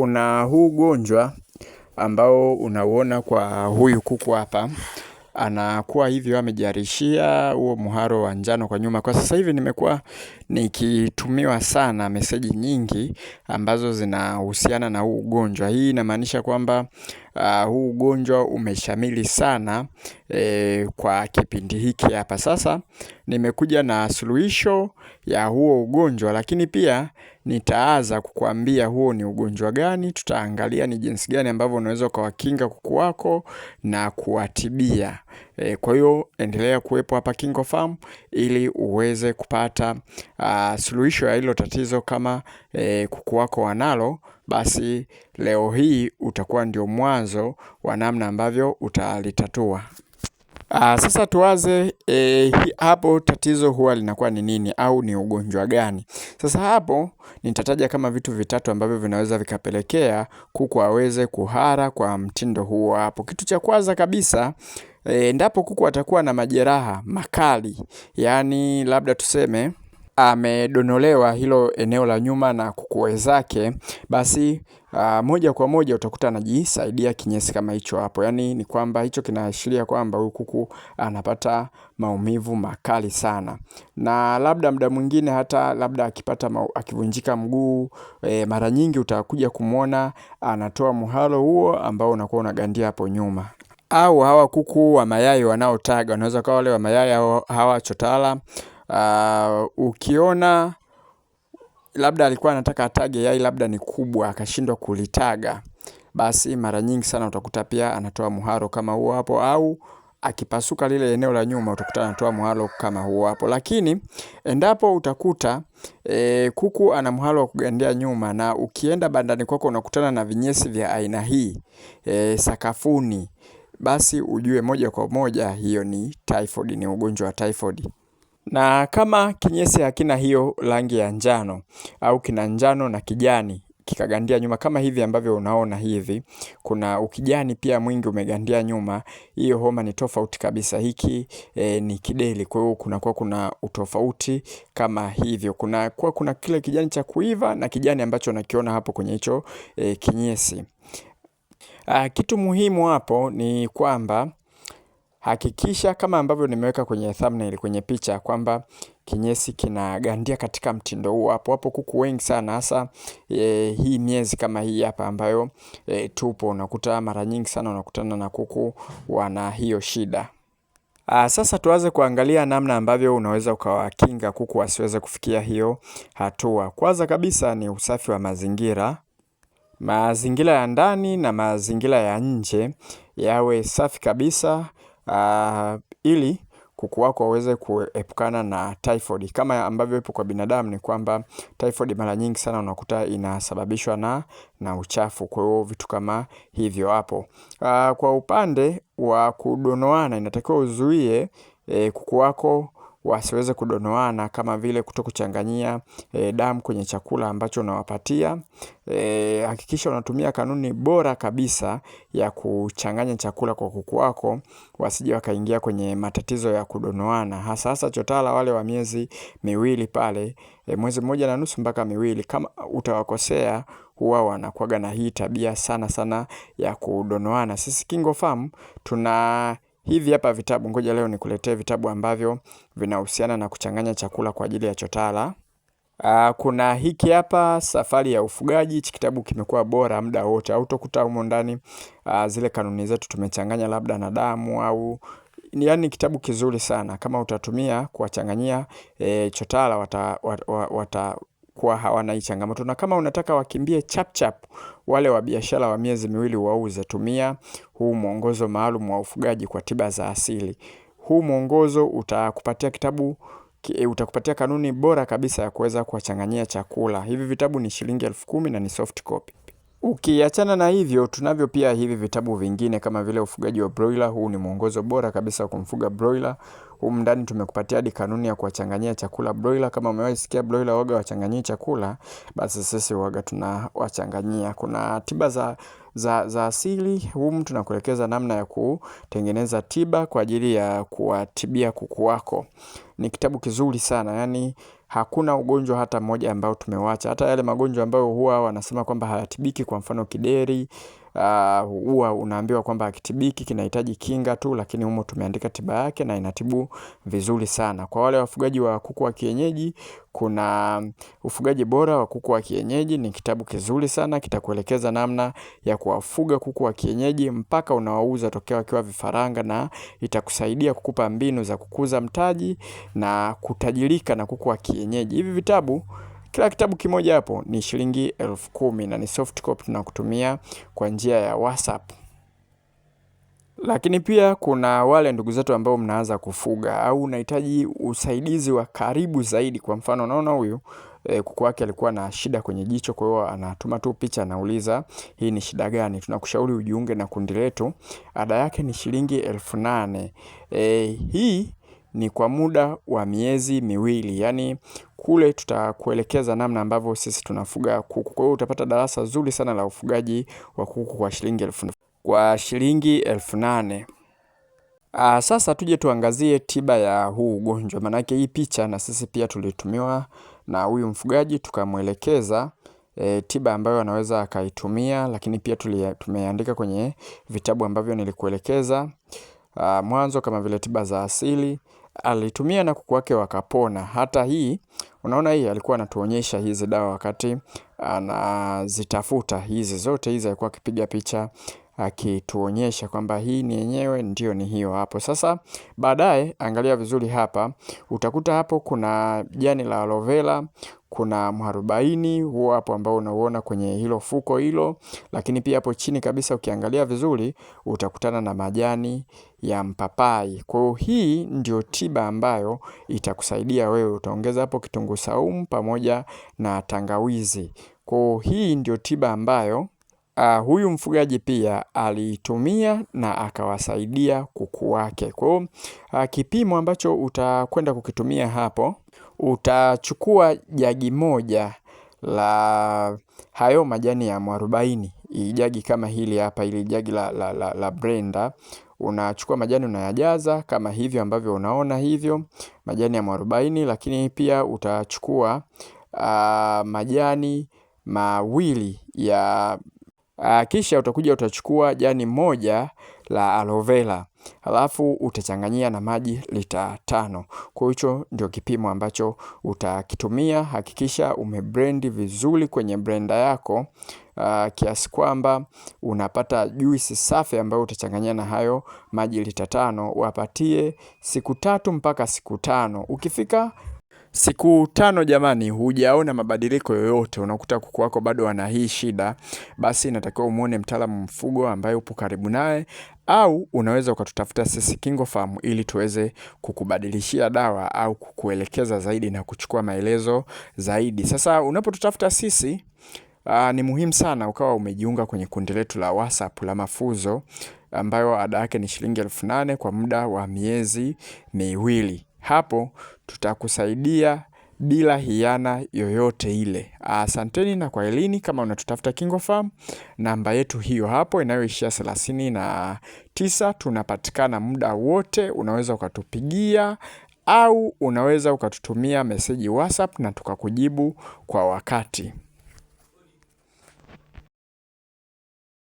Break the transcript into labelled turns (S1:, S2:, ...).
S1: kuna huu ugonjwa ambao unauona kwa huyu kuku hapa anakuwa hivyo amejarishia huo muharo wa njano kwa nyuma. Kwa sasa hivi nimekuwa nikitumiwa sana meseji nyingi ambazo zinahusiana na huu ugonjwa. Hii inamaanisha kwamba uh, huu ugonjwa umeshamili sana eh, kwa kipindi hiki hapa. Sasa nimekuja na suluhisho ya huo ugonjwa, lakini pia nitaanza kukuambia huo ni ugonjwa gani, tutaangalia ni jinsi gani ambavyo unaweza ukawakinga kuku wako na kuwatibia. E, kwa hiyo endelea kuwepo hapa KingoFarm ili uweze kupata uh, suluhisho ya hilo tatizo kama e, kuku wako wanalo basi leo hii utakuwa ndio mwanzo wa namna ambavyo utalitatua. Aa, ah, sasa tuwaze e, hapo tatizo huwa linakuwa ni nini au ni ugonjwa gani? Sasa hapo nitataja kama vitu vitatu ambavyo vinaweza vikapelekea kuku aweze kuhara kwa mtindo huo hapo. Kitu cha kwanza kabisa eh, endapo kuku atakuwa na majeraha makali, yaani labda tuseme amedonolewa hilo eneo la nyuma na kuku zake, basi Uh, moja kwa moja utakuta anajisaidia kinyesi kama hicho hapo. Yaani ni kwamba hicho kinaashiria kwamba huyu kuku anapata maumivu makali sana, na labda muda mwingine hata labda akipata ma, akivunjika mguu e, mara nyingi utakuja kumwona anatoa muhalo huo ambao unakuwa unagandia hapo nyuma au hawa kuku wa mayai wanaotaga, wanaweza kawa wale wa mayai hawa chotala uh, ukiona labda alikuwa anataka atage yai labda ni kubwa akashindwa kulitaga, basi mara nyingi sana utakuta pia anatoa muharo kama huo hapo, au akipasuka lile eneo la nyuma utakuta anatoa muharo kama huo hapo. Lakini endapo utakuta e, kuku ana muharo wa kugandia nyuma, na ukienda bandani kwako unakutana na vinyesi vya aina hii e, sakafuni, basi ujue moja kwa moja hiyo ni typhoid, ni ugonjwa wa typhoid. Na kama kinyesi hakina hiyo rangi ya njano au kina njano na kijani kikagandia nyuma kama hivi ambavyo unaona hivi, kuna ukijani pia mwingi umegandia nyuma, hiyo homa ni tofauti kabisa. Hiki e, ni kideli, kwa hiyo kunakuwa kuna utofauti kama hivyo. Kunakuwa kuna kile kijani cha kuiva na kijani ambacho unakiona hapo kwenye hicho e, kinyesi. A, kitu muhimu hapo ni kwamba Hakikisha kama ambavyo nimeweka kwenye thumbnail kwenye picha kwamba kinyesi kinagandia katika mtindo huu. Hapo hapo kuku wengi sana hasa e, hii miezi kama hii hapa ambayo e, tupo unakuta mara nyingi sana unakutana na kuku wana hiyo shida. Aa, ah, sasa tuanze kuangalia namna ambavyo unaweza ukawakinga kuku wasiweze kufikia hiyo hatua. Kwanza kabisa ni usafi wa mazingira. Mazingira ya ndani na mazingira ya nje yawe safi kabisa uh, ili kuku wako waweze kuepukana na typhoid. Kama ambavyo ipo kwa binadamu ni kwamba typhoid mara nyingi sana unakuta inasababishwa na, na uchafu. Kwa hiyo vitu kama hivyo hapo. Uh, kwa upande wa kudonoana inatakiwa uzuie e, kuku wako wasiweze kudonoana kama vile kuto kuchanganyia e, damu kwenye chakula ambacho unawapatia. E, hakikisha unatumia kanuni bora kabisa ya kuchanganya chakula kwa kuku wako, wasije wakaingia kwenye matatizo ya kudonoana, hasa hasa chotara wale wa miezi miwili pale, e, mwezi mmoja na nusu mpaka miwili. Kama utawakosea huwa wanakuwaga na hii tabia sana sana ya kudonoana. Sisi KingoFarm tuna Hivi hapa vitabu, ngoja leo nikuletee vitabu ambavyo vinahusiana na kuchanganya chakula kwa ajili ya chotara. Uh, kuna hiki hapa Safari ya Ufugaji. Hichi kitabu kimekuwa bora muda wote, au utakuta humo ndani uh, zile kanuni zetu tumechanganya labda na damu au yani kitabu kizuri sana kama utatumia kuwachanganyia e, chotara wata, wata, wata watakuwa hawana hii changamoto. Na kama unataka wakimbie chap, wale wa biashara wa miezi miwili wauze, tumia huu mwongozo maalum wa ufugaji kwa tiba za asili. Huu mwongozo utakupatia kitabu eh, utakupatia kanuni bora kabisa ya kuweza kuwachanganyia chakula. Hivi vitabu ni shilingi elfu kumi na ni soft copy. Ukiachana na hivyo, tunavyo pia hivi vitabu vingine kama vile ufugaji wa broiler. Huu ni mwongozo bora kabisa wa kumfuga broiler. Humu ndani tumekupatia hadi kanuni ya kuwachanganyia chakula broiler. Kama umewahi sikia broiler waga wachanganyii chakula, basi sisi waga tunawachanganyia. Kuna tiba za za, za asili humu tunakuelekeza namna ya kutengeneza tiba kwa ajili ya kuwatibia kuku wako. Ni kitabu kizuri sana yani, hakuna ugonjwa hata mmoja ambao tumewacha, hata yale magonjwa ambayo huwa wanasema kwamba hayatibiki, kwa mfano kideri Ah, huwa uh, unaambiwa kwamba akitibiki kinahitaji kinga tu, lakini humo tumeandika tiba yake na inatibu vizuri sana. Kwa wale wafugaji wa kuku wa kienyeji, kuna ufugaji bora wa kuku wa kienyeji, ni kitabu kizuri sana, kitakuelekeza namna ya kuwafuga kuku wa kienyeji mpaka unawauza tokea wakiwa vifaranga, na itakusaidia kukupa mbinu za kukuza mtaji na kutajirika na kuku wa kienyeji. Hivi vitabu kila kitabu kimoja hapo ni shilingi elfu kumi na ni soft copy tunakutumia kwa njia ya WhatsApp. Lakini pia kuna wale ndugu zetu ambao mnaanza kufuga au unahitaji usaidizi wa karibu zaidi. Kwa mfano, unaona huyu e, kuku wake alikuwa na shida kwenye jicho, kwa hiyo anatuma tu picha, anauliza hii ni shida gani? Tunakushauri ujiunge na kundi letu, ada yake ni shilingi elfu nane. E, hii ni kwa muda wa miezi miwili, yaani kule tutakuelekeza namna ambavyo sisi tunafuga kuku. Kwa hiyo utapata darasa zuri sana la ufugaji wa kuku kwa shilingi elfu kwa shilingi elfu nane. Aa, ah, sasa tuje tuangazie tiba ya huu ugonjwa, maanake hii picha na sisi pia tulitumiwa na huyu mfugaji tukamwelekeza e, tiba ambayo anaweza akaitumia, lakini pia tumeandika kwenye vitabu ambavyo nilikuelekeza ah, mwanzo kama vile tiba za asili alitumia na kuku wake wakapona. Hata hii unaona, hii alikuwa anatuonyesha hizi dawa wakati anazitafuta hizi zote, hizi alikuwa akipiga picha akituonyesha kwamba hii ni yenyewe, ndio ni hiyo hapo. Sasa baadaye, angalia vizuri hapa, utakuta hapo kuna jani la aloe vera kuna mharubaini huo hapo ambao unauona kwenye hilo fuko hilo, lakini pia hapo chini kabisa ukiangalia vizuri utakutana na majani ya mpapai. Kwa hiyo hii ndio tiba ambayo itakusaidia wewe. Utaongeza hapo kitunguu saumu pamoja na tangawizi. Kwa hiyo hii ndio tiba ambayo uh, huyu mfugaji pia aliitumia na akawasaidia kuku wake. Kwa hiyo uh, kipimo ambacho utakwenda kukitumia hapo, utachukua jagi moja la hayo majani ya mwarobaini, jagi kama hili hapa, ili jagi la, la, la, la Brenda unachukua majani unayajaza kama hivyo ambavyo unaona hivyo majani ya mwarobaini, lakini pia utachukua uh, majani mawili ya Uh, kisha utakuja utachukua jani moja la aloe vera alafu utachanganyia na maji lita tano. Kwa hicho ndio kipimo ambacho utakitumia. Hakikisha umebrendi vizuri kwenye blender yako uh, kiasi kwamba unapata juisi safi ambayo utachanganyia na hayo maji lita tano. Wapatie siku tatu mpaka siku tano ukifika Siku tano jamani, hujaona mabadiliko yoyote, unakuta kuku wako bado wana hii shida, basi inatakiwa umwone mtaalamu mfugo ambaye upo karibu naye, au unaweza ukatutafuta sisi KingoFarm ili tuweze kukubadilishia dawa au kukuelekeza zaidi na kuchukua maelezo zaidi. Sasa unapotutafuta sisi Aa, ni muhimu sana ukawa umejiunga kwenye kundi letu la WhatsApp la mafuzo ambayo ada yake ni shilingi elfu nane kwa muda wa miezi miwili. Hapo tutakusaidia bila hiana yoyote ile. Asanteni na kwaherini. Kama unatutafuta KingoFarm, namba yetu hiyo hapo inayoishia thelathini na tisa tunapatikana muda wote. Unaweza ukatupigia au unaweza ukatutumia meseji WhatsApp na tukakujibu kwa wakati.